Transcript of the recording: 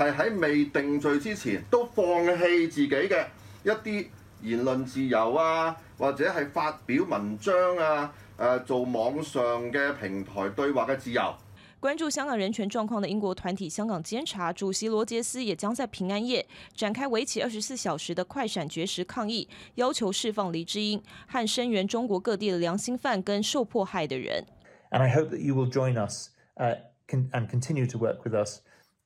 係喺未定罪之前都放棄自己嘅一啲言論自由啊，或者係發表文章啊，誒做網上嘅平台對話嘅自由。關注香港人權狀況嘅英國團體香港監察主席羅傑斯也將在平安夜展開為期二十四小時嘅快閃絕食抗議，要求釋放黎智英，和聲援中國各地嘅良心犯跟受迫害嘅人。And I hope that you will join us, uh, and continue to work with us.